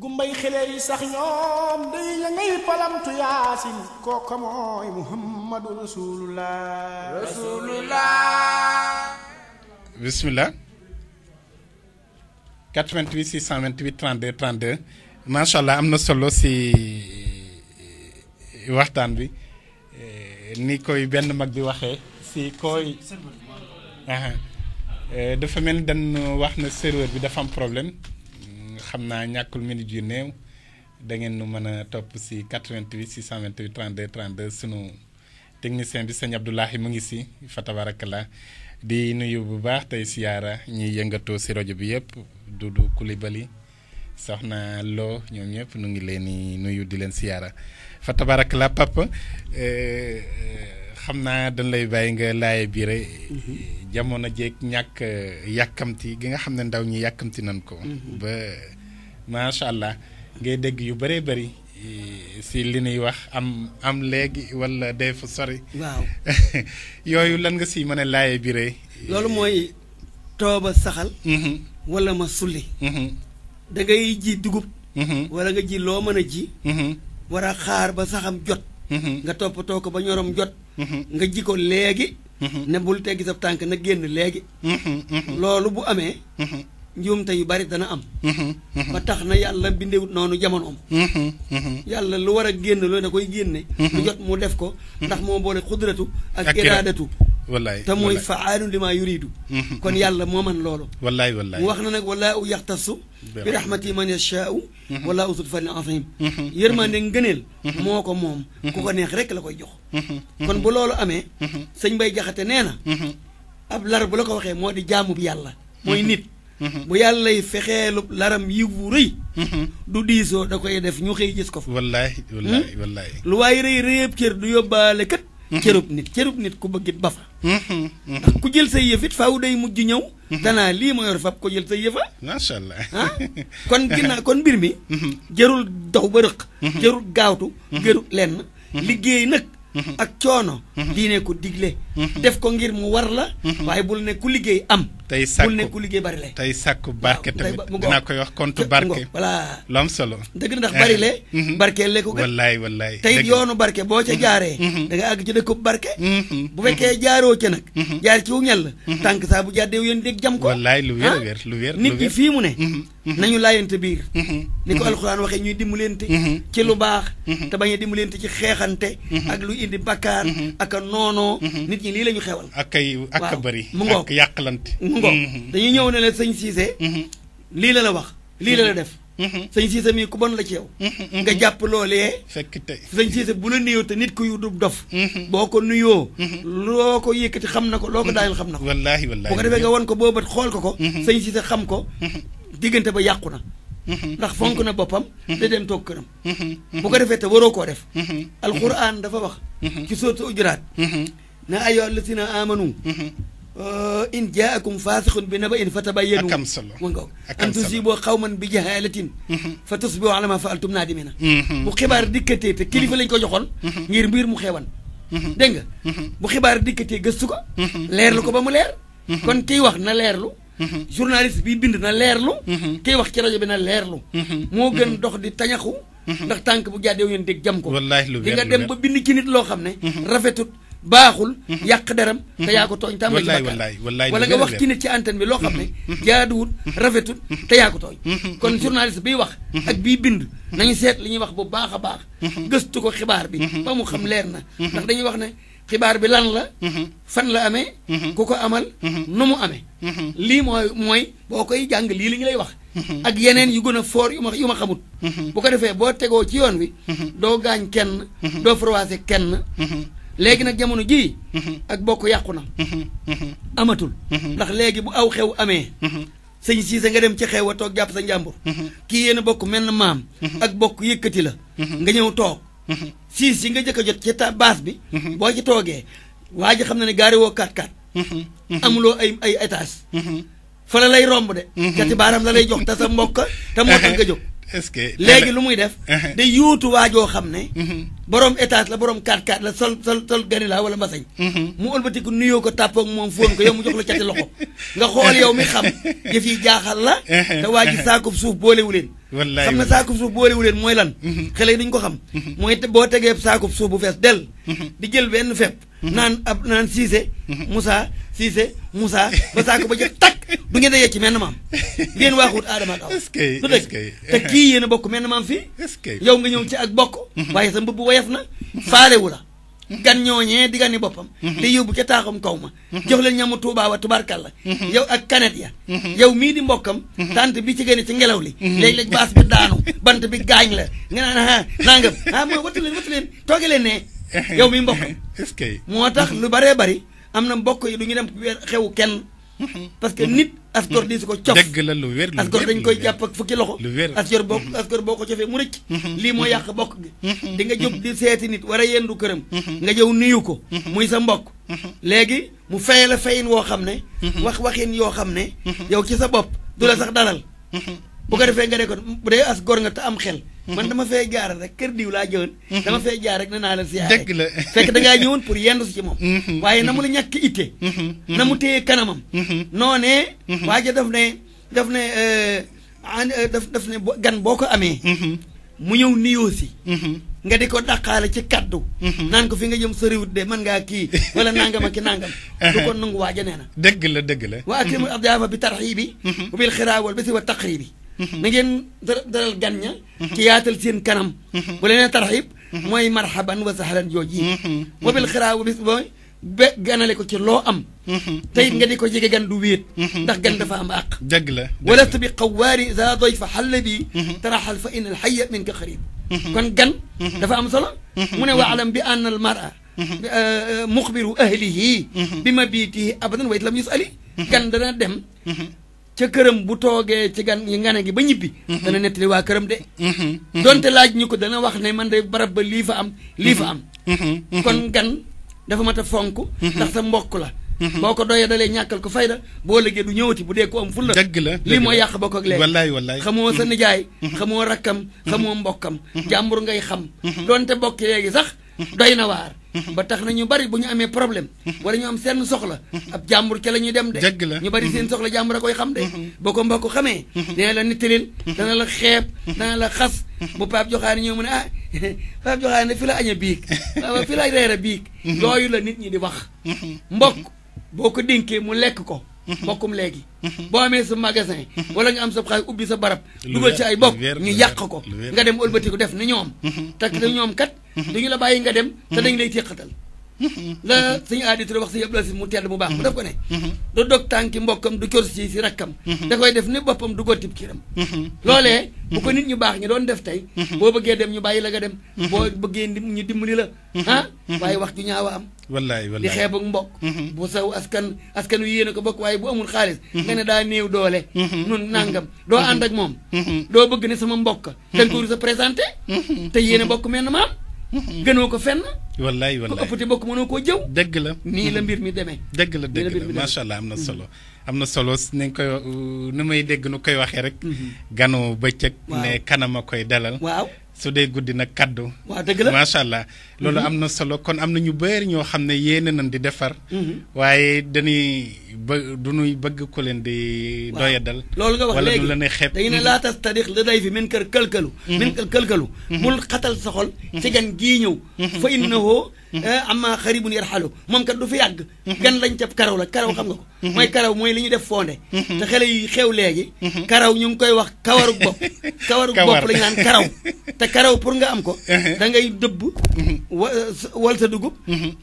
gumbay xele yi sax ñoom day ya ngay palamtu yaasin kooka mooy muhammadu rasulullah rasulullah bismillah 88 628 32 32 macha allah am na solo si waxtaan bi ni koy benn mag bi waxee si koy dafa mel ni dañ wax na serveur bi dafa am problème xam naa ñàkkul minute yu néew da ngeen nu mën a topp si 88 628 32 32 sunu technicien bi sëñ Abdoulahi mu ngi si fa di nuyu bu baax tey siyaara ñiy yëngatoo si rajo bi yëpp Doudou Coulibaly soxna Lo ñoom ñëpp nu ngi leen di nuyu di leen siyaara fa tabarakallah papa xam naa dañ lay bàyyi nga laaye biire mm-hmm. jamono jeeg ñàkk yàkkamti gi nga xam ne ndaw ñi yàkkamti nan ko mm-hmm. ba macha allah ngay dégg yu bëree bëri eh, si li nuy wax am am léegi wala dee fa sori. waaw yooyu lan nga si mën a laajee biree. loolu mooy tooba saxal. Mm-hmm. wala ma sulli. Mm-hmm. da ji dugub. Mm-hmm. wala nga ji loo mën a ji. war a xaar ba saxam jot. nga toppatoo ko ba ñoroom jot. nga ji ko léegi. ne bul teggi sa tànk na génn léegi. loolu bu amee. njuumte yu bari dana am mm-hmm, mm-hmm. ba tax na yàlla bindewut noonu jamonoom mm-hmm, yàlla lu war a génn loolu da koy génne mu def ko ndax moo boole xudratu ak iraadatu wallaay te mooy faalu li maa yuridu kon yàlla moo man loolu wallaay wallaay mu wax na nag walaa u yaxtasu bi rahmati man yashaau walaa usul fadlin azim yërmande ngëneel moo ko moom ku ko neex rek la koy jox kon bu loolu amee sañ Mbay Jaxate nee na ab lar bu la ko waxee moo di jaamu bi yàlla mooy nit Mm-hmm. bu yàllay fexeelub laram yiw wu rëy mm-hmm. du diisoo da koy def ñu xëy gis ko fa wallaahi wallaahi hmm? wallaahi lu waaye rëy rëyëb cër du yóbbaale kat mm-hmm. cërub nit cërub nit ku bëggit ba fa ndax ku jël sa yëf it faaw day mujj ñëw danaa lii ma yor fab ko jël sa yëfa macha allah ah kon ginnaaw kon mbir mi jarul dox ba rëq jarul gaawtu jarul lenn liggéey nag Mm-hmm. ak coono. Mm-hmm. diine ko digle. Mm-hmm. def ko ngir mu war la. waaye bul ne ku liggéey am. tey sàkku bul ne ku liggéey bari le. tey sàkku barke tamit dinaa koy wax compte barke. voilà lu am solo. dëgg na ndax bari le. barkeel le ko gën wallaay wallaay. tey yoonu barke boo ca jaaree. da nga àgg ci dëkkub barke. bu fekkee jaaroo ca nag. jaar ci wu ñal. tànk saa bu jàddee wu jam ko. lu wér ah? wér nit bi fii mu ne. nañu laayante biir. ni ko alxuraan waxee ñuy dimbalante. ci lu baax. te bañ a dimbalante ci xeexante. ak lu indi bakkaar. Mhm. ak a noonoo. Mhm. nit ñi lii la ñu xewal. ak ay ak a bëri. mu ngoog ak yàqlante. mu ngoog mhm. dañuy ñëw ne la sëñ Cissé. lii la la wax lii la la def. sëñ Cissé mii ku bon la ci yow. nga jàpp loolee. fekk tey sëñ Cissé bu la nuyoo te nit ku yu du dof. boo ko nuyoo. loo ko yëkkati xam na ko loo ko daayal xam na ko. wallaahi wallaahi ko defee nga won ko boobat xool ko ko. sëñ Cissé xam ko. diggante ba yàqu ndax fonk na boppam da dem tok këram bu ko defee te waroo koo def alquran dafa wax ci sóotu ujrat na ayo latina amanu in jaakum fasikhun bi naba'in fatabayyanu fatabayanu mu ngoog an tusibo xawman bi jahalatin fa ala ma faaltum nadimina bu xibar dikete te kilifa lañ ko joxoon ngir mbir mu xewan deng nga bu xibar dikete gëstu ko leer lu ko ba mu leer kon kiy wax na leerlu Mm-hmm. journaliste bi bind na leer leerlu. Mm-hmm. kiy wax ci rajo bi na leerlu. Mm-hmm. moo gën dox di tañaxu. ndax tànk bu jàddee yoon dégg jam ko. wallaahi lu di nga dem ba bind ci loo xam ne. rafetut baaxul. yàq deram ta yaa ko tooñ. tàmbali ci bakkaar wala nga wax ci nit ci anten bi loo xam ne. jaaduwut rafetut te yaa ko tooñ. kon journaliste bi wax. ak biy bind na nañu seet li ñuy wax bu baax a baax. gëstu ko xibaar bi. ba mu xam leer na. ndax dañuy wax ne. xibaar bi lan la. Mm-hmm. fan la amee. Mm-hmm. ku ko amal. Mm-hmm. nu mu amee. lii mooy mooy boo koy jàng lii li ñu lay wax. ak yeneen yu gën foor yu ma yu ma xamut. bu ko defee boo tegoo ci yoon wi. doo gaañ kenn. doo froissé kenn. léegi nag jamono jii. ak bokk yàqu na. amatul. ndax léegi bu aw xew amee. sëñ siise nga dem ci xew a toog jàpp sa njàmbur. kii yéen a bokk mel maam. ak bokk yëkkati la. nga ñëw toog. siis yi nga jëkk a jot ci ta baas bi boo ci toogee waa ji xam na ne gaari woo kaat kaat amuloo ay ay étage mm-hmm. fa la lay romb de mm-hmm. kati baaram la lay jox te sa mbokk te moo nga jóg est-ce que léegi lu muy def. Uh-huh. day yuutu waajoo xam ne. Uh-huh. borom étage la borom 4 kaat la sol sol sol gari laa wala mbasañ. Uh-huh. mu ëlbatiku nuyoo ko tàppoog moom fóon ko yow mu jox la ko loxo nga xool yow mi xam jëf yi jaaxal la. te waa ji saakub suuf boolewu leen. xam na saakub suuf boolewu leen mooy lan. xale yi ko xam. mooy boo tegee saakub suuf bu fees del di jël benn fepp. naan ab naan siise. Moussa. Cissé Moussa ba saako ba jot takk bu ngeen di yegg ci menn maam ngeen waaxut aadama ak aw. est-ce que te kii yéen bokk menn maam fii. est-ce que yow nga ñëw ci ak bokk. Mhm. waaye sa mbubb woyof na faalewu la. gan ñooñee di gani boppam. te mhm. yóbbu ca taaxam kaw ma. Mhm. jox leen ñamu tuubaa wa tubaarkàlla. yow ak kanet ya. yow mii di mbokkam. tant bi ci gën ci ngelaw li. léeg-léeg baas bi daanu bant bi gaañ la nga naan ah nangam ah mooy wattu leen wattu leen leen ne. yow mii moo tax lu baree bari am na mbokk yi du ñu dem xew kenn parce que nit askor di su ko cof dëgg la lu wér lu askor dañ koy jàpp ak fukki loxo lu wér askor boo askor boo ko cofee mu rëcc lii moo yàq bokk gi di nga jóg di seeti nit war a yendu këram nga jëw nuyu ko muy sa mbokk léegi mu fay la fayin woo xam ne wax waxin yoo xam ne yow ci sa bopp du la sax dalal bu ko defee nga ne ko bu dee as gor nga te am xel man dama fee jaaral rek kër diw laa jëwoon mhm. dama fee jaar rek ne naa la siyaare dëgg la fekk da ngaa ñëwoon pour yendu si ci moom mhm. waaye na mu la ñàkk itte mhm. na mu téye kanamam noo ne waaja daf ne daf ne euh, euh, daf daf ne gan boo ko amee mu ñëw nuyoo si nga di ko daqaale ci kaddu naan ko fi nga jëm soriwut de mën ngaa kii wala nangam ak nangam du ko nangu waaja nee dëgg la dëgg la wa akrimu adiyaafa bi tarxiibi wa bil xiraawal bi si wa taqriibi نجن در الغنية كياتل سين كنم بلنا ترحيب موي مرحبا وسهلا جوجي وبالخرا وبس بوي بغانا لكو تي لو ام تاي نغا ديكو جيغي غان دو ويت داخ غان دافا ام اق دغلا ولا تبي قواري اذا ضيف حل بي ترحل فان الحي منك قريب كون غان دافا ام صلا من وعلم بان المراه مخبر اهله بمبيته ابدا ويت لم يسالي كان دانا دم ca këram bu toogee ci gan yi ngane gi ba ñibbi mhm. dana nettali waa këram de mhm. Mhm. donte laaj ñu ko dana wax ne man de barab ba lii fa am lii fa am kon gan dafa mat a fonk ndax sa mbokk la boo ko doyee dalee ñàkkal ko fayda boo liggéey du ñëwati bu dee ko am ful la dëgg la lii mooy yàq bokk ak léegi wallaay wallaay xamoo sa nijaay xamoo rakkam xamoo mbokkam jàmbur ngay xam donte bokk léegi sax doy na waar ba tax na ñu bari bu ñu amee problème wala ñu am seen soxla ab jàmbur ca la ñuy dem de ñu bari seen soxla jàmbur a koy xam de uhuh. boo ko mbokk xamee uhuh. dina la nittalil uhuh. dana la xeeb dana la xas bu Pape Diokhané ñëw mu ne ah Pape Diokhané fi la aña biig fi la reer a biig yooyu la nit ñi di wax mbokk boo ko dénkee mu lekk ko mbokkum mhm. léegi mhm. boo amee sa magasin mhm. wala nga am sa xaalis ubbi sa barab dugal ci ay bokk ñu yàq ko nga dem ëlbatiku def ni ñoom te ñoom kat dañu la bàyyi nga dem te dañu lay téqatal la suñu aadi turé wax si yëpp la si mu tedd mu baax mu def ko ne du dog tànki mbokkam du kor si si rakkam da koy def ni boppam du gottib kiram loolee bu ko nit ñu baax ñi doon def tey boo bëggee dem ñu bàyyi la nga dem boo bëggee ñu dimbali la ah waaye wax ju ñaaw a am di xeeb mbokk bu saw askan askan wi yéen a ko bokk waaye bu amul xaalis nga daa néew doole nun nangam doo ànd ak moom doo bëgg ne sama mbokk dañ ko sa présenté te yéen a gënoo ko fenn. wallaay wallaay ku ëpp te bokk mënoo koo jëw. dëgg la nii la mbir mi demee. dëgg la dëgg la macha allah am na solo. am na solo ni nga koy nu may dégg nu koy waxee rek. Mhm. gano bëccëg. ne kanam a koy dalal. waaw su dee guddi nag kaddu. waaw dëgg la macha allah. loolu mhm. am na solo kon am na ñu bëri ñoo xam ne yéene nañ di defar. Mhm. waaye dañuy bë du ñuy bëgg ku leen di. doyadal loolu nga wax léegi wala du la ne xeeb. dañu mhm. laa tas tarix la day fi min kër këlkalu. min kër këlkalu. bul xatal sa xol. ci gan gii ñëw. fa innahu eh, amma xaribun yarxalu moom kat du fi yàgg. gan lañ ca karaw la karaw xam nga ko. mooy karaw mooy li ñuy def fonde. te xale yi xew léegi. karaw ñu ngi koy wax kawarug bopp. kawarug bopp lañu naan karaw te karaw pour nga am ko. da ngay wa wal sa dugub.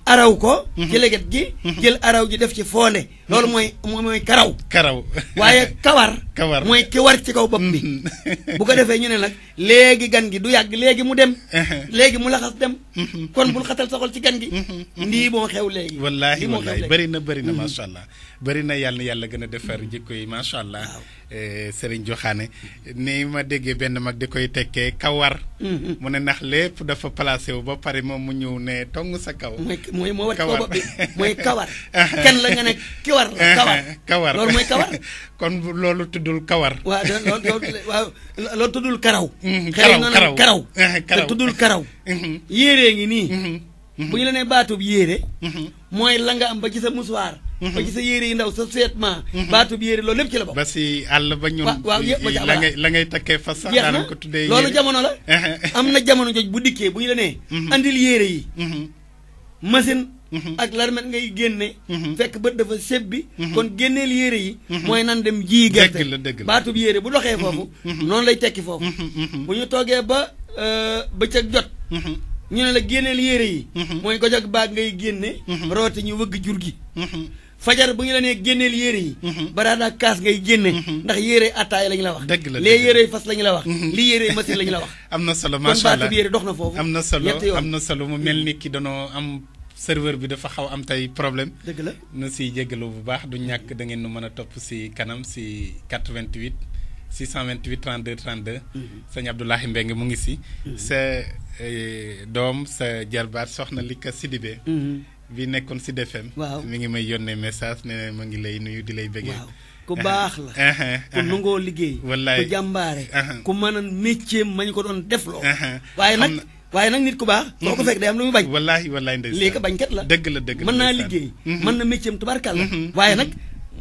araw ko. ci leget gi. jël araw ji def ci foone. loolu mooy mooy karaw. karaw waaye kawar. kawar mooy ki ci kaw bopp bi. Mm-hmm. bu ko defee ñu ne nag léegi gan gi du yàgg léegi mu dem. Uh-huh. léegi mu laxas dem. Mm-hmm. kon bul xatal saxol ci gan gi. ndii mm-hmm. moo xew léegi. wallaahi wallaahi bëri na bëri na macha allah. bëri na yàlla yàlla gën a defar jikko yi macha allah. Eh, Serigne Joxaane ni ma déggee benn mag di koy tekkee kawar. Mm-hmm. mu ne ndax lépp dafa placé wu ba pare moom mu ñëw ne tong sa kaw. mooy mooy kawar mooy kawar. kenn la nga ne kawar. kawar kawar. karaw. karaw karaw mm-hmm. ngi nii. Mm-hmm. bu ñu la nee baatub yéere. mooy la nga am ba ci sa musuwaar. ba ci sa yére yi ndaw sa seetment baatub yére loolu lépp ci la bokk ba si àll ba ñun waaw la la ngay takkee fas sax loolu jamono la am na jamono joj bu dikkee bu ñu la nee mhm. andil yére yi mhm. Mhm. ngay génne fekk bët dafa seb bi kon génneel yére yi mooy nan dem ji gerte baatub yéere bu doxee foofu noonu lay tekki foofu bu ñu toogee ba euh, bëccëg jot ñu ne la génneel yére yi mooy gojog baag ngay génne rooti ñu wëgg jur gi fajar bu ñu la nee génneel yére yi mhm. baraana kaas ngay gënné mhm. ndax yéré attaay lañ la wax dëgg la lee yére fas lañ la wax mhm. lii yére machine lañ la wax amna solo ma sha allah yéré dox na fofu amna solo amna solo mu melni ki danoo am serveur bi dafa xaw am tay problème deug la na si jégalu bu baax du ñak da ngeen nu mëna top ci kanam si 88 628 32 32 sëñ Abdoulahi Mbengue mu ngi si sa eh, doom sa jarbaat soxna bi nekkoon si DFM. waaw mu ngi may yónnee message nee na ma ngi lay nuyu di lay bëggee. ku baax la. Uh-huh, uh-huh. ku nangoo liggéey. wallaay ku jàmbaare. Uh-huh. ku mën a métier ma ñu ko doon def loo. waaye nag waaye nag nit ku baax. moo ko mm-hmm. fekk day am lu muy bañ. wallaay wallaay ndeysaan léegi bañkat la. dëgg la dëgg la mën naa liggéey. Mm-hmm. mën na métier am tubarkalla. Mm-hmm. waaye nag.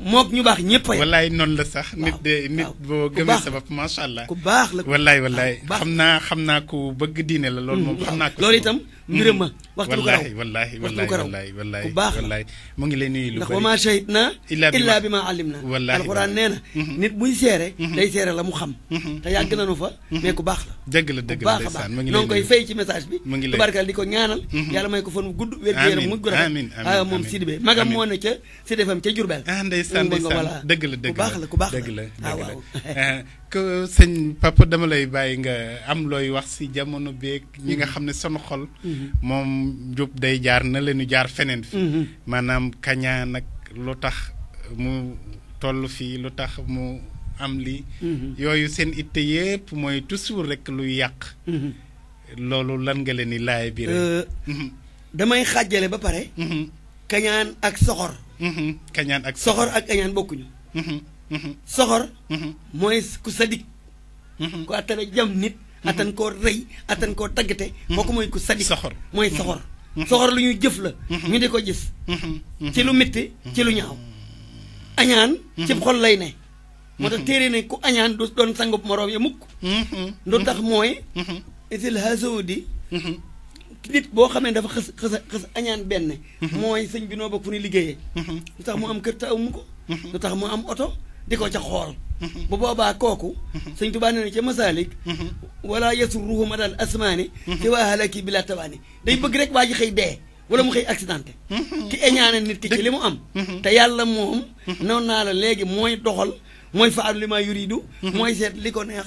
mook ñu baax ñëpp a wallaay noonu la sax nit de nit boo gëmee sa bopp macha allah ku baax la wallaay wallaay xam naa xam naa ku bëgg diine la loolu moom xam naa ko loolu itam mbiram ma waxtu lu ko raw wallaay wallaay wallaay wallaay ku baax la mu ngi lay nuyu lu ndax wa maa shahid naa illaa bi ma alim na wallaay alxuraan nee na nit buy seere day seere la mu xam te yàgg nañu fa mais ku baax la dëgg la dëgg la baax a baax mu ngi lay koy fay ci message bi mu ngi lay tubarkal di ko ñaanal yàlla may ko fan gudd wér gu yaram mu gudd moom Sidibé magam moo ne ca Sud FM ca Jurbel ndeysaan ndeysaan dëgg la dëgg la ku baax la dëgg la dëgg ah, la eh, ko Papa dama lay bàyyi nga am looy wax si jamono beeg ñi nga mm-hmm. xam ne sunu xol mm-hmm. moom jub day jaar na leenu jaar feneen fi mm-hmm. maanaam kañaan nag lu tax mu toll fii lu tax mu am lii yooyu seen itte yëpp mooy toujours rek luy yàq loolu lan nga leen di laay bi rek euh, damay xàjjale ba pare kañaan ak soxor Mm-hmm. kañaan ak soxor ak kañaan bokkuñu. Mm-hmm. Mm-hmm. soxor. mooy ku sadik. ku attana jam nit. attan koo rey attan koo taggate. kooku mooy ku sadik mooy soxor. soxor lu ñuy jëf la. ñu di ko gis. ci lu métti ci lu ñaaw. añaan ci xol lay ne. moo tax téere ne ku añaan du doon sangub moroom ya mukk. lu tax mooy. isil hasoodi. nit boo xamee dafa xës xës xës añaan benn. Mhm. mooy sëñ bi noo bokk fu ñuy liggéeyee. Mhm. lu tax mu am kër te amu ko. Mhm. lu tax mu am oto di ko ca xool. bu boobaa kooku. sëñ Tuubaa nee na ca Masaalik. wala yasurruhu madal asmaani. ci waa halaki bila tabaani day bëgg rek waa ji xëy dee. wala mu xëy accidenté. ki añaane nit ki ci li mu am. te yàlla moom. noonu naa la léegi mooy doxal mooy faalu li ma yuridu. mooy seet li ko neex.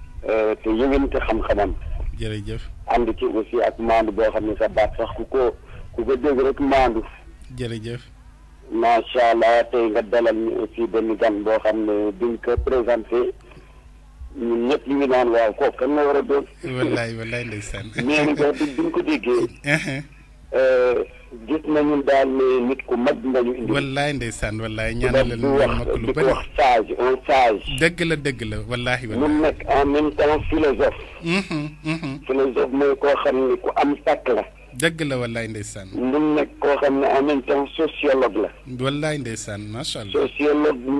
Euh, te yëngante xam-xamam. jërëjëf ànd ci aussi ak maandu boo xam ne sa baat sax ku ko ku ko dégg rek maandu. jërëjëf. macha allah tey nga dalal ñu aussi benn gan boo xam ne duñ ko présenté. ñun ñëpp ñu ngi naan waaw kooku kan la war a doon. wallaay wallaay ndeysaan. mais nag duñ ko déggee. Uh-huh. Euh, gis nañu daal ne nit ku mag ngañu indi. wallaay ndeysaan wallaay ñaanal leen mag lu bëri wax sage un sage. dëgg la dëgg la wallahi wallahi mu nekk en même temps philosophe. Mhm, mhm. philosophe mooy koo xam ne ku am takk la. dëgg la wallaay ndeysaan. mu nekk koo xam ne en la. wallaay ndeysaan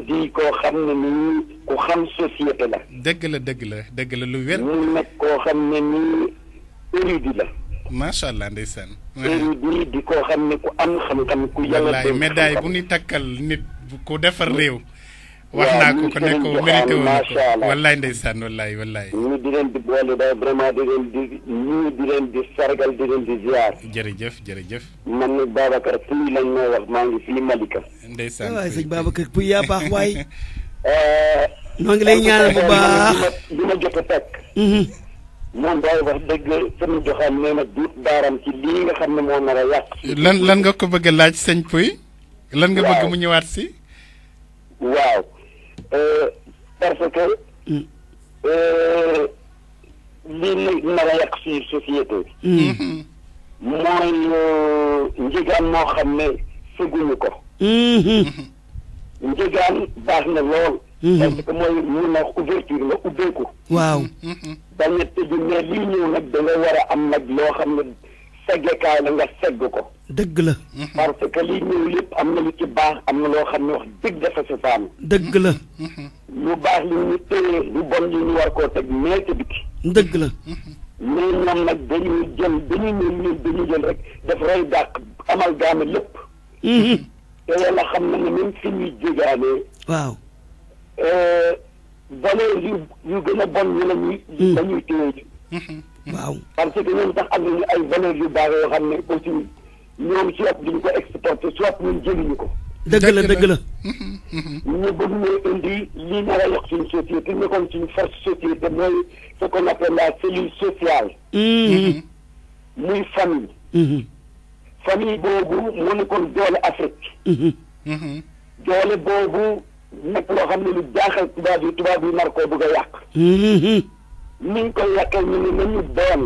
di koo xam ne nii ku xam société la. dëgg la dëgg la lu wér. mu nekk koo xam ne nii érudit la. macha allah ndeysaan. heure bii di koo xam ne ku am xam-xam ku yàlla. wallaay médaille bu ñu takkal nit ku defar réew. wax naa ko ko ne ko woon ko wallaay ndeysaan wallaay wallaay. ñu di leen di boole di leen di ñu di leen di sargal man nag Babacar Pouy lañ ma wax maa ngi fii Malika. ndeysaan waay sëñ Babacar Pouy yaa baax waay. Euh, noo ngi lay ñaanal bu baax. moom daay wax dëgg sëñ Joxaan nee na duut ci lii nga xam ne moo nar a yàq. lan lan nga ko bëgg laaj sëñ Pouy. lan nga bëgg mu ñëwaat si. waaw euh, parce que. Hmm. Euh, lii nag nar yàq si société hmm. mooy euh, njëgaan moo xam ne sëguñu ko. Hmm. njëgaan baax na lool. Mhm. parce que mooy ñu na ouverture nga ubbeeku waaw bañ a tëju mais lii nag da nga am nag loo xam ne seggekaay la nga segg ko dëgg la parce que lépp am na lu ci baax am na loo xam ne wax dëgg dafa si saan dëgg la lu baax li ñu téye lu bon li ñu war koo teg mais ci biti dëgg la mais ñoom nag dañuy jël dañuy ñëw ñun dañuy jël rek daf rey dàq amalgaame lépp mhm. te yàlla xam na ne même fi ñuy jógaanee waaw eee zaner li yu gena ban men an mi li zaner te wè di parce ke men tan an mi ay zaner li baran an mi konti mi om chè ap di mè eksport so ap mè geni mè ko mè bon mè endi li mè ralok sin sòtè ki mè konti fòs sòtè se kon apè la seli sòtè mè fami fami bon grou mè kon zon afèk zon bon grou lépp loo xam ne lu jaaxal tubaab yi tubaab yi nar koo bëgg yàq. ni ñu koy yàqal ñu ne nañu doon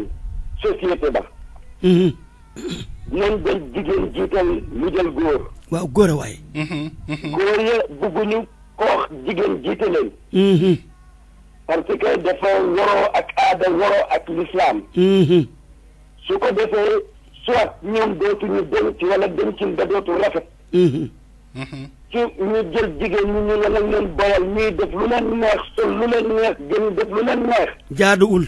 société ba. nañ jël jigéen jiital ñu jël góor. waaw góor a waay. góor ya bëgguñu koo jigéen jiite leen. parce que dafa ak aada waroo ak lislaam. su ko defee soit ñoom dootuñu denc wala dencin ba dootu rafet. ci ñu jël jigéen ñi ñu ne la leen boyal ñuy def lu leen neex sol lu leen neex gën def lu leen neex. jaaduwul.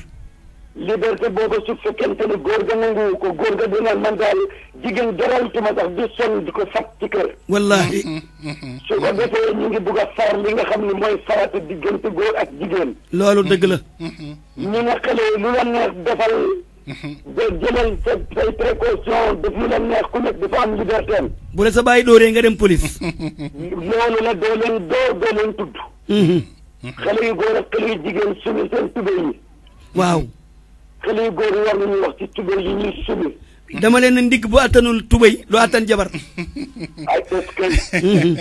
liberté boobu su fekkente ni góor ga nanguwu ko góor ga dina man daal jigéen jaraltuma sax di sonn di ko fat ci kër. wallaahi. su ko defee ñu ngi bugg a far li nga xam ne mooy farata diggante góor ak jigéen. loolu dëgg la. ñu ne xale lu la neex defal. nga jëlal sa say précaution ku nekk dafa am liberté am. bu la sa nga dem police. noonu la doo leen dóor doo mhm. xale yu góor ak yu jigéen sumi seen tubéy waaw. xale yu góor war nañu wax ci tubéy sumi. dama leen ndigg bu attanul tubéy du attan jabar. ay mhm.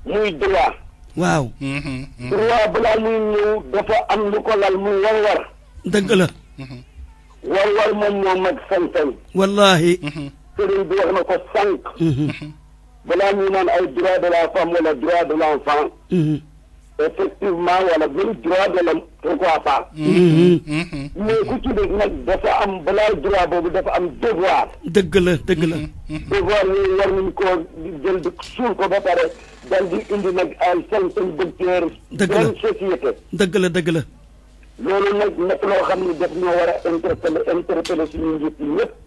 est mhm. muy droit. waaw. roi balaa muy ñëw am lu ko lal muy war-war. la. war-war mo moo mag sañ-sañ. wallaahi. sëriñ bi ko sànq. Mhm. balaa ñuy naan ay droit la femme wala droit de l' effectivement wala biir droit de l'homme pourquoi mm-hmm. nag dafa am balaa droit boobu dafa am devoir dëgg la dëgg la mm-hmm. devoir ko ba pare dal di indi nag dëgg la dëgg la loolu nag nekk loo xam ne daf ñoo war a interpellé yi ñëpp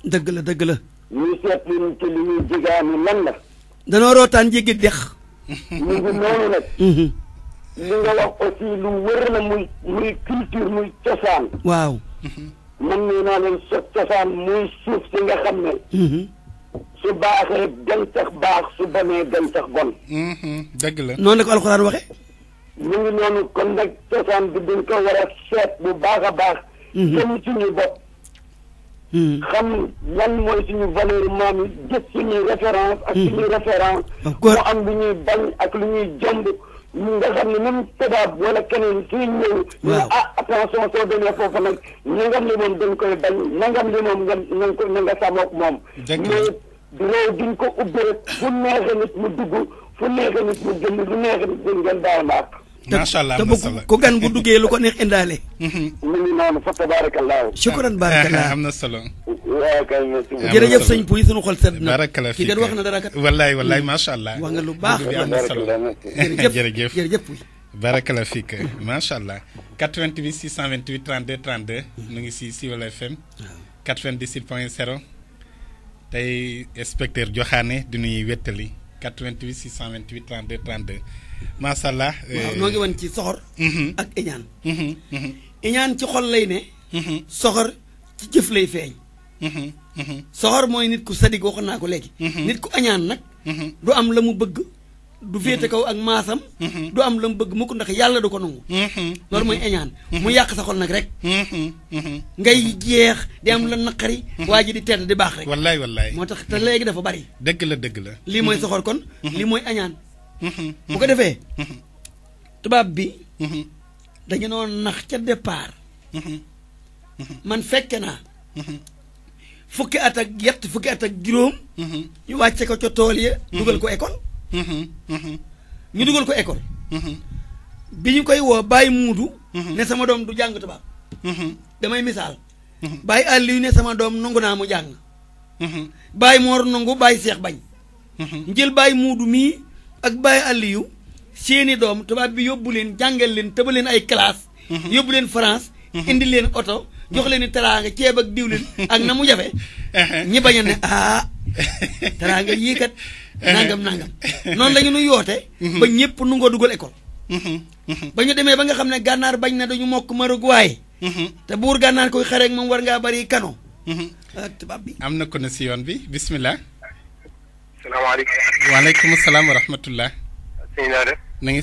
dëgg la dëgg la ñu seet jigaani lan la danoo rootaan dex ñu ngi noonu nag mm-hmm. li nga wax aussi lu wër la muy muy culture muy cosaan. waaw. man nee naa leen so cosaan muy suuf si nga xam ne. Mhm. su baaxee gàncax baax su bonee gàncax bon. Mhm, dëgg la noonu la ko alxuraan waxee. mu ngi noonu kon cosaan bi duñ ko war a seet bu baax a baax. Mhm. xam suñu bopp. xam lan mooy suñu valeur maam yi gis suñuy référence ak suñuy référence. mu am lu ñuy bañ ak lu ñuy jomb. nga xam ne même tubaab wala keneen kii ñëw. waaw ah attention soo demee foofu nag nangam li moom dañ koy bañ nangam li moom nga na nga ko na nga sàmmoog moom. mais réew duñ ko ubbi rek fu neexee nit mu dugg fu neexee nit mu génn lu neexee nit mu ngeen baal ma macha allah te bu ko gan duggee lu ko neex indaale. Mm-hmm. mi ngi noonu am na solo. waaw kay merci beaucoup jërëjëf sëñ Pouy sunu xol sedd na. baarakallah fii kii wax na dara kat. wallaay wallaay mm. macha allah. wax nga lu baax am na solo jërëjëf jërëjëf Pouy. baarakallah fii kay macha allah. 88 628 32 32. nu ngi si si Wala FM. 98 point 0. tey inspecteur Joxaane du ñuy wéttali. 88 628 32 32 macha allah. waaw euh, noo ngi woon ci soxor. Mhm. ak iñaan. Mhm, mhm. iñaan ci xol lay ne. soxor ci jëf lay feeñ. soxor mooy nit ku sadik waxoon naa ko léegi. nit ku añaan nag. du am la mu bëgg. du te kaw ak maasam du am la mu bëgg mukk ndax yàlla du ko nangu loolu mooy añaan mu yàq sa xol nag rek ngay jeex di am la naqari waa ji di tedd di baax rek wallaay wallaay moo tax te léegi dafa bari dëgg la dëgg la lii mooy sa xol kon lii mooy eñaan mu ko defee tubaab bi dañu noon nax ca départ man fekke naa fukki at ak yett fukki at ak juróom ñu wàcce ko ca tool ya dugal ko école Mm-hmm. Mm-hmm. ñu dugal ko école. Mm-hmm. bi ñu koy woo bàyyi muudu. ne sama doom du jàng tubaab. damay misaal. bàyyi yu ne sama doom nangu naa mu jàng. bàyyi moor nangu bàyyi seex bañ. njël bàyyi muudu mii ak bàyyi àlliyu seeni doom tubaab bi yóbbu leen jàngal leen tëbal leen ay classe yóbbu leen France. indi leen oto jox leen teraanga ceeb ak diwlin ak na mu jafe. ñi bañ ne ah teraanga yii kat. Eh. nangam nangam noonu la ñu nu yoote mhm. ba ñëpp nu ngoo dugal école mhm. Mhm. ba ñu demee ba nga xam ne gànnaar bañ na dañu mokk marug waaye te buur gànnaar koy xareek moom war ngaa bari kano ah, am na ko ne si yoon bi bismillah salaamaaleykum waaleykum salaam wa rahmatullah na ngi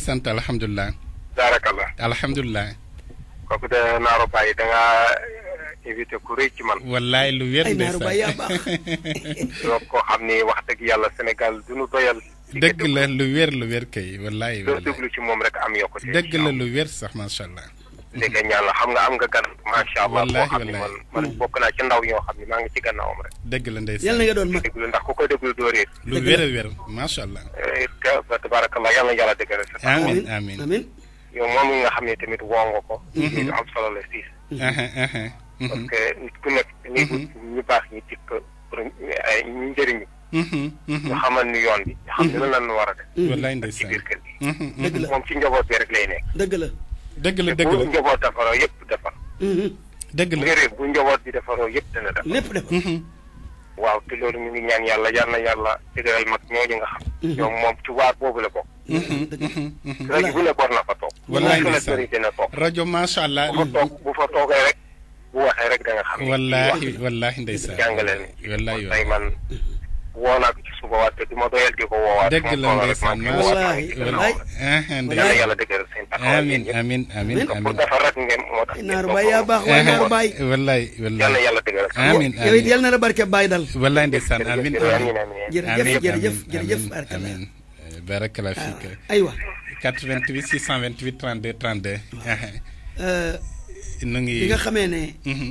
baarakallah alhamdulilah invité ku rëy ci man. wallaay lu wér de sax koo xam ni wax dëgg yàlla Sénégal du nu doyal. dëgg la lu wér lu wér kay wallaay. wallaay ci moom rek am yokkute. dëgg la lu wér sax macha allah. dégg ñaala xam nga am nga gan. macha allah boo xam ne man man mm. bokk naa ci ndaw ñoo xam ne maa ngi ci gannaawam rek. dëgg la ndeysa yal nga doon mag déglu ndax ku koy déglu doo réer. lu wér a wér macha allah. Eh, tabarakallah yal yàlla dëggal sa. amiin amiin amiin yow moom nga xam ne tamit woo nga ko. Mm-hmm. am solo la siis. parce mm-hmm. que nit ku nekk mm-hmm. baax ñi tip pour ñu njëriñu. Mm-hmm. ñu xamal ni yoon bi. xam ne lan la war a def. wallaay ndeysaan ci biir la moom ci njaboot bi rek lay nekk. dëgg la dëgg la dëgg la bu njaboot yëpp defar. dëgg la njëriñ bi defaroo yëpp dana waaw te loolu ñu ngi ñaan yàlla yal na yàlla dëgëral mag ñooñu nga xam. moom ci waar boobu la bokk. rajo bu nekk war na fa toog. rajo bu nekk war bu fa toogee rek. bu waxee rek da nga xam. wallaahi wallaahi ndeysaan jàngale ni wallaahi wallaahi man. woo naa ko ci di ko woowaat. dëgg la ndeysaan wallaahi wallaahi. yàlla yàlla dëggal seen taxawaay. amiin amiin amiin amiin pour defar baay yaa baax waay naar barke baay dal. wallaahi ndeysaan amiin amiin amiin. jërëjëf jërëjëf jërëjëf amiin eh, barakallah ah, fiik aywa na nga xamee ne. Mhm.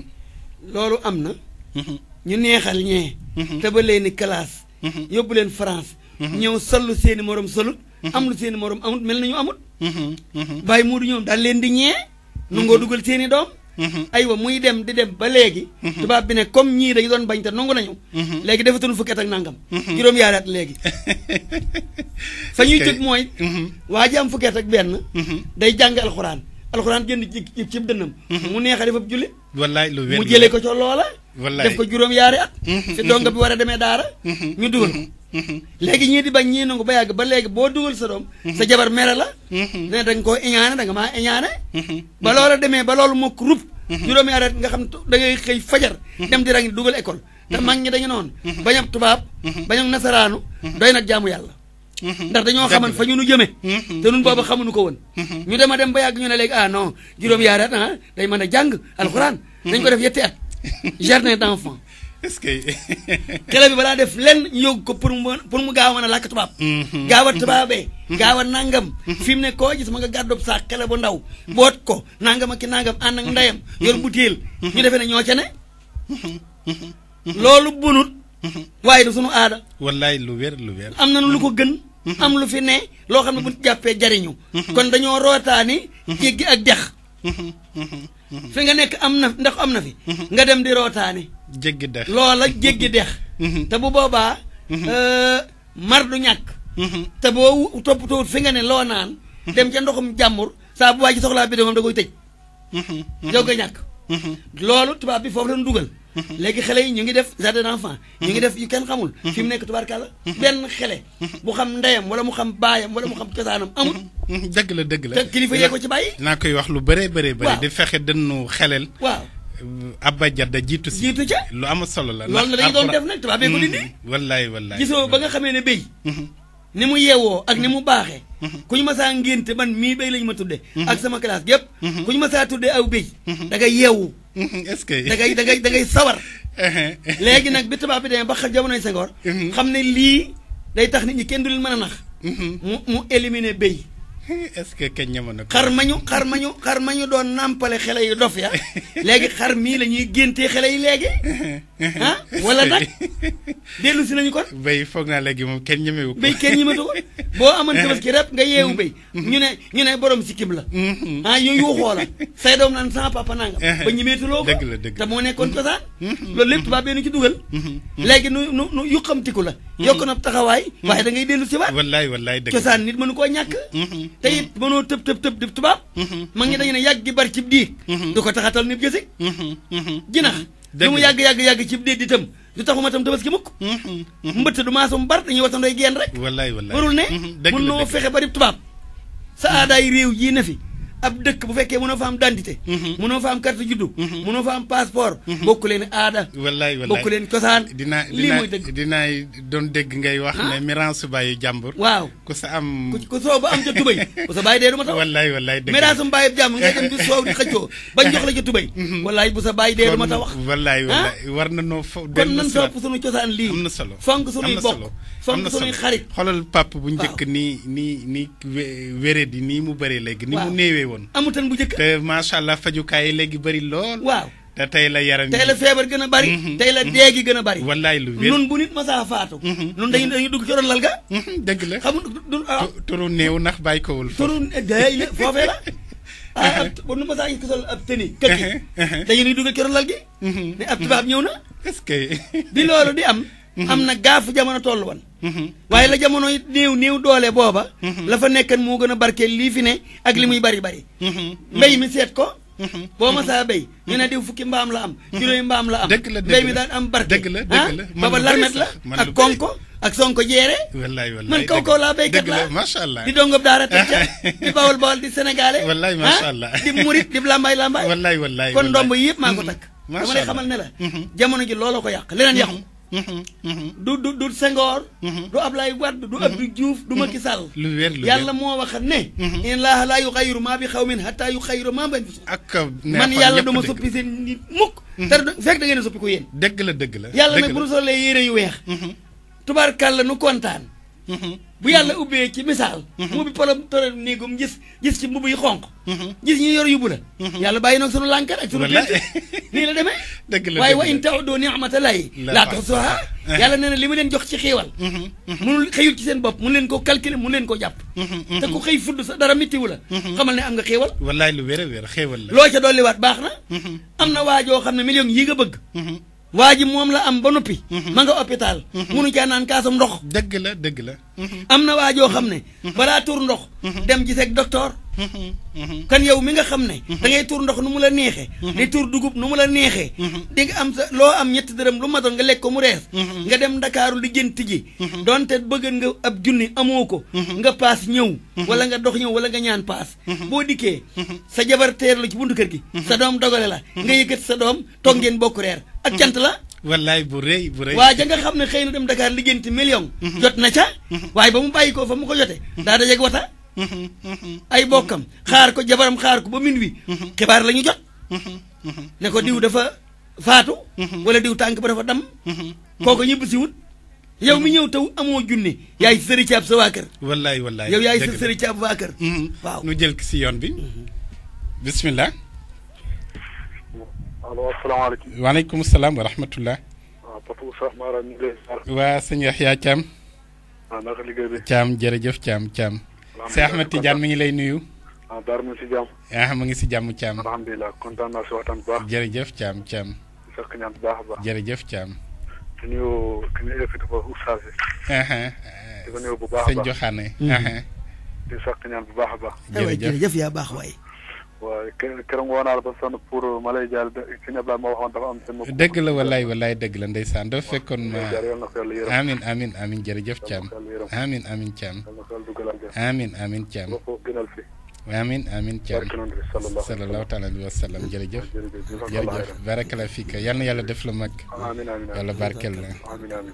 loolu am na. Mhm. ñu neexal ñee. Mhm. tëbalee ni classe. yóbbu leen France. ñëw sollu seeni moroom solut. am lu seeni moroom amut mel nañu amut. bàyyi muudu ñoom daal leen di ñee. nu ngoo seeni doom. aywa muy dem di dem ba léegi. tubaab bi ne comme ñii dañu doon bañ te nangu nañu. léegi defatul fukki at ak nangam. juróom yaari at léegi. fa ñuy jóg mooy. waa ji am fukki at ak benn. day jàng alxuraan. alxuraan génn ci ci cib dënnam mhm. mu neex a def ab jullit wallaay mu jëlee ko ca loola wallaay def ko juróom-yaari at si mhm. a demee daara mhm. ñu dugal ko léegi ñii di bañ ñii nangu ba yàgg ba léegi boo dugal sa doom sa jabar mere la ne da nga koo iñaane da nga maa iñaane ba loola demee ba loolu mokk rub juróom-yaari at nga xam da ngay xëy fajar dem di rangi dugal école te mag ñi dañu noon ba a tubaab ba a nasaraanu doy nag jaamu yàlla Mhm. ndax dañoo xaman fa ñu nu jëme mhm. te nun booba xamuñu ko woon mhm. ñu dema dem ba yàgg ñu ne léegi ah non juróom yaari at ah day mën a jàng alxuraan dañ ko def yetti at jardin d'enfant est-ce que xale bi balaa def lenn ñu yóbbu ko pour mu pour mu gaaw a mën a làkk tubaab gaaw a tubaabee gaaw a nangam fi mu ne koo gis ma nga gàddob sa xale bu ndaw boot ko nangam ak ki nangam ànd ak ndeyam yor butéel ñu defee ne ñoo ca ne loolu bunut waaye du sunu aada wallaay lu wér lu wér am nañu lu ko gën Mhm. am lu fi ne loo xam ne bu jàppee jariñu mhm. kon dañoo rootaani mhm. jéggi ak dex fi nga nekk am na ndax am na fi nga dem di rootaani jéggi dex loola jéggi dex te bu boobaa euh, mar du ñàkk te boo toppatoo fi nga ne loo naan dem ca ndoxum jàmbur saa bu waa ji soxlaa bi de da koy tëj yow nga ñàkk loolu tubaab bi foofu la dugal léegi xale yi ñu ngi def jardin d'enfant ñu ngi def yu kenn xamul fi mu nekk tubaarkàlla benn xale bu xam ndeyam wala mu xam baayam wala mu xam cosaanam amul dëgg la dëgg la te kilifa yee ko ci bàyyi naa koy wax lu bëree bëree bëri di fexe dënnu xelel waaw a Jadda jiitu si jiitu ca lu am a solo la lool na dañu doon def nag tubaab bee ko mm-hmm. dindi wallaay wallaay gisoo ba nga xamee ne béy mm-hmm. ni mu yeewoo ak ni mu mm-hmm. baaxee ku ñu masaa ngénte man mii béy lañu ma tudde ak sama classe yëpp masaa tudde aw béy Mhm, est-ce que da ngay da ngay da ngay sawar. Mhm. léegi nag bi tubaab bi demee ba xam jamonoy Senghor. Mhm. xam ne lii day tax nit ñi kenn du leen mën a nax. mu mu éliminer béy. est-ce que kenn ñamoon xar ma ñu xar ma ñu xar ma ñu doon nàmpale xele yu dof ya léegi xar mii la ñuy géntee xale yi léegi. ah wala nag dellu si nañu kon. béy foog naa léegi moom kenn ñemewu ko. béy kenn ñematu ko. boo amoon tabaski rek nga yeewu béy ñu ne ñu ne borom sikkim la mhm. ah yooyu yuuxoo la say doom naan sama papa nangam eh. ba ñimeetuloo ko te moo nekkoon cosaan mhm. mhm. loolu lépp tubaab beenu ci dugal léegi nu nu nu yuqamtiku la yokk na taxawaay waaye da ngay dellu si waat wallaay wallaay dëgg cosaan nit mënu koo ñàkk te it mënoo tëb tëb tëb di tubaab ma ne yàgg bar cib diig du ko taxatal nit gësig jinax lu mu yàgg-yàgg-yàgg cib déeg di tëm du taxu ma tam tabaski mukk mbëtt du mbar bar dañuy waxtaan day geen rek wallaay wallaay warul ne mën noo fexe bari tubaab sa aadaay réew jii na fi ab dëkk bu fekkee mënoo fa am dandité mhm. mënoo fa am carte juddu mhm. mënoo fa am passeport mhm. bokku leen aada wallaay wallaay bokku leen cosaan dina dina mooy dëgg dinaay doon dégg ngay wax ah. ne mirance baye jambour waaw ku sa am ku soow ba am ca tubay ku sa baye dee du ma taw wallaay wallaay dëgg mirance baye jàmbur ngay dem di soow di xëccoo ba jox la ca tubay wallaay bu sa baye dee du ma taw wax wallaay ah. wallaay war na no fa kon nan sopp suñu cosaan li amna solo fonk suñuy bok fonk suñuy xarit xolal pap bu ñëk ni ni ni wéré di ni mu bari légui ni mu néwé woon. amutoon bu njëkk. te macha allah fajukaay yi léegi bëri lool. waaw te tey la yaram tey la feebar gën a bëri. Mhm. tey la dee gi gën a bëri. wallaay lu wér nun bu nit masaa faatu. Mhm. nun dañuy dañuy dugg ci ron lal ga. Mhm. dëgg la xam du ah. turu néew ndax bàyyi ko wul. turu day foofee la. ah ab ba nu ma saa tubaab ñëw na. est-ce di am. Mm-hmm. am na gaaf jamono toll woon mm-hmm. waaye la jamono néew néew doole booba mm-hmm. la fa nekkan moo gën a barkeel lii fi ak li muy bari bari mbéy mi seet ko boo masaa béy ñu ne diw fukki mbaam la am juróomi mbaam la am mbéy mi daan am barke dëgg la dëgg la booba ah, larmet la ak konko ak sonko jeere wallaay wallaay man kaw kaw laa béykat laa macha allah di dongob daara tëcca di bawol bawol di sénégalais ah, di murit di lambaay lambaay kon ndomb yi yëpp maa takk dama lay xamal ne la ji looloo ko yàq leneen yàqu du du du Senghor. Mm-hmm. du Ablaye Wade du mm-hmm. Abdou Diouf du Macky mm-hmm. Sall. lu wér lu wér yàlla moo wax ne. inna Allaaha laa yuxayyiru maa bi xawmin hattaa yuxayyiru maa bi anfusihim. ak euh, man yàlla dama soppi seen nit mukk. te fekk da ngeen a soppi ko yéen. dëgg la dëgg la yàlla nag bu nu solee yére yu weex. tubaarkàlla nu kontaan. Mm-hmm. bu yàlla ubbee ci misaal mm-hmm. mu bi polo toro néegum gis gis ci mbubb yu xonq mm-hmm. gis ñi yor yubbu la yàlla bàyyi nag sunu lànkar ak sunu pénte nii la demee dëgg la waaye wa in ta'uddu ni'matallahi laa tuhsuha yàlla nee na li ma leen jox ci xéewal mënul xëyul ci seen bopp mun leen koo calculer mun leen koo jàpp te ku xëy fudd sa dara méttiwu la xamal ne am nga xéewal wallaay lu wér a wér xéewal la loo ca dolliwaat baax na am na waajoo xam ne million yi nga bëgg waa ji moom la am ba noppi. Mhm. ma nga hôpital. Mhm. munu caa naan kaasam ndox. dëgg la dëgg la. Mhm. am na waa joo xam ne. balaa tur ndox. dem ji ak docteur. kan yow mi nga xam ne da ngay tuur ndox nu mu la neexee di tuur dugub nu mu la neexee di nga am sa loo am ñetti dërëm lu matoon nga lekk ko mu rees nga dem ndakaaru li jënt ji donte bëgg nga ab junni amoo ko nga paas ñëw wala nga dox ñëw wala nga ñaan paas boo dikkee sa jabar teer la ci buntu kër gi sa doom dogale la nga yëkkati sa doom toog ngeen bokk reer ak cant la wallaay bu rëy bu rëy waa ja nga xam ne xëy na dem Dakar liggéenti million jot na ca waaye ba mu bàyyi ko fa mu ko ay bokkam xaar ko jabaram xaar ko ba minuit xibaar la jot ne ko diw dafa faatu wala diw tànk ba dafa dam kooko ñëbb si yow mi ñëw taw amoo junne yaay sëri caab sa waa kër wallaay wallaay yow yaay sa sëri caab waa mhm. nu jël si yoon bi bismillah allo asalaamaaleykum waaleykum salaam wa rahmatullah ah, waa sëñ Yaxya Caam waaw ah, naka liggéey Caam Caam Seex Ahmed Tidiane mi ngi lay nuyu. ah Baar mu ngi si jàmm. ah mu ngi si jàmm Thiam. alhamdulilah kontaan naa si waxtaan bu baax. jërëjëf Thiam Thiam. ñaan bu baax a baax. jërëjëf Thiam. di nuyu ki ñu yëkkati ba oustaz di bu baax a baax sëñ mm-hmm. bu baax a baax. jërëjëf jërëjëf yaa baax waay. waaw keroog woo naa la ba sonn pour ma lay jaal sëñ Abdoulaye dëgg la wallaay wallaay dëgg la ndeysaan dafa fekkoon ma amin amin amin jërëjëf Thiam amin amin Thiam amin amin Thiam amin amin Thiam sallallahu taala alayhi wa sallam jërëjëf jërëjëf barakala fii ka yal na yàlla def la mag yàlla barkel la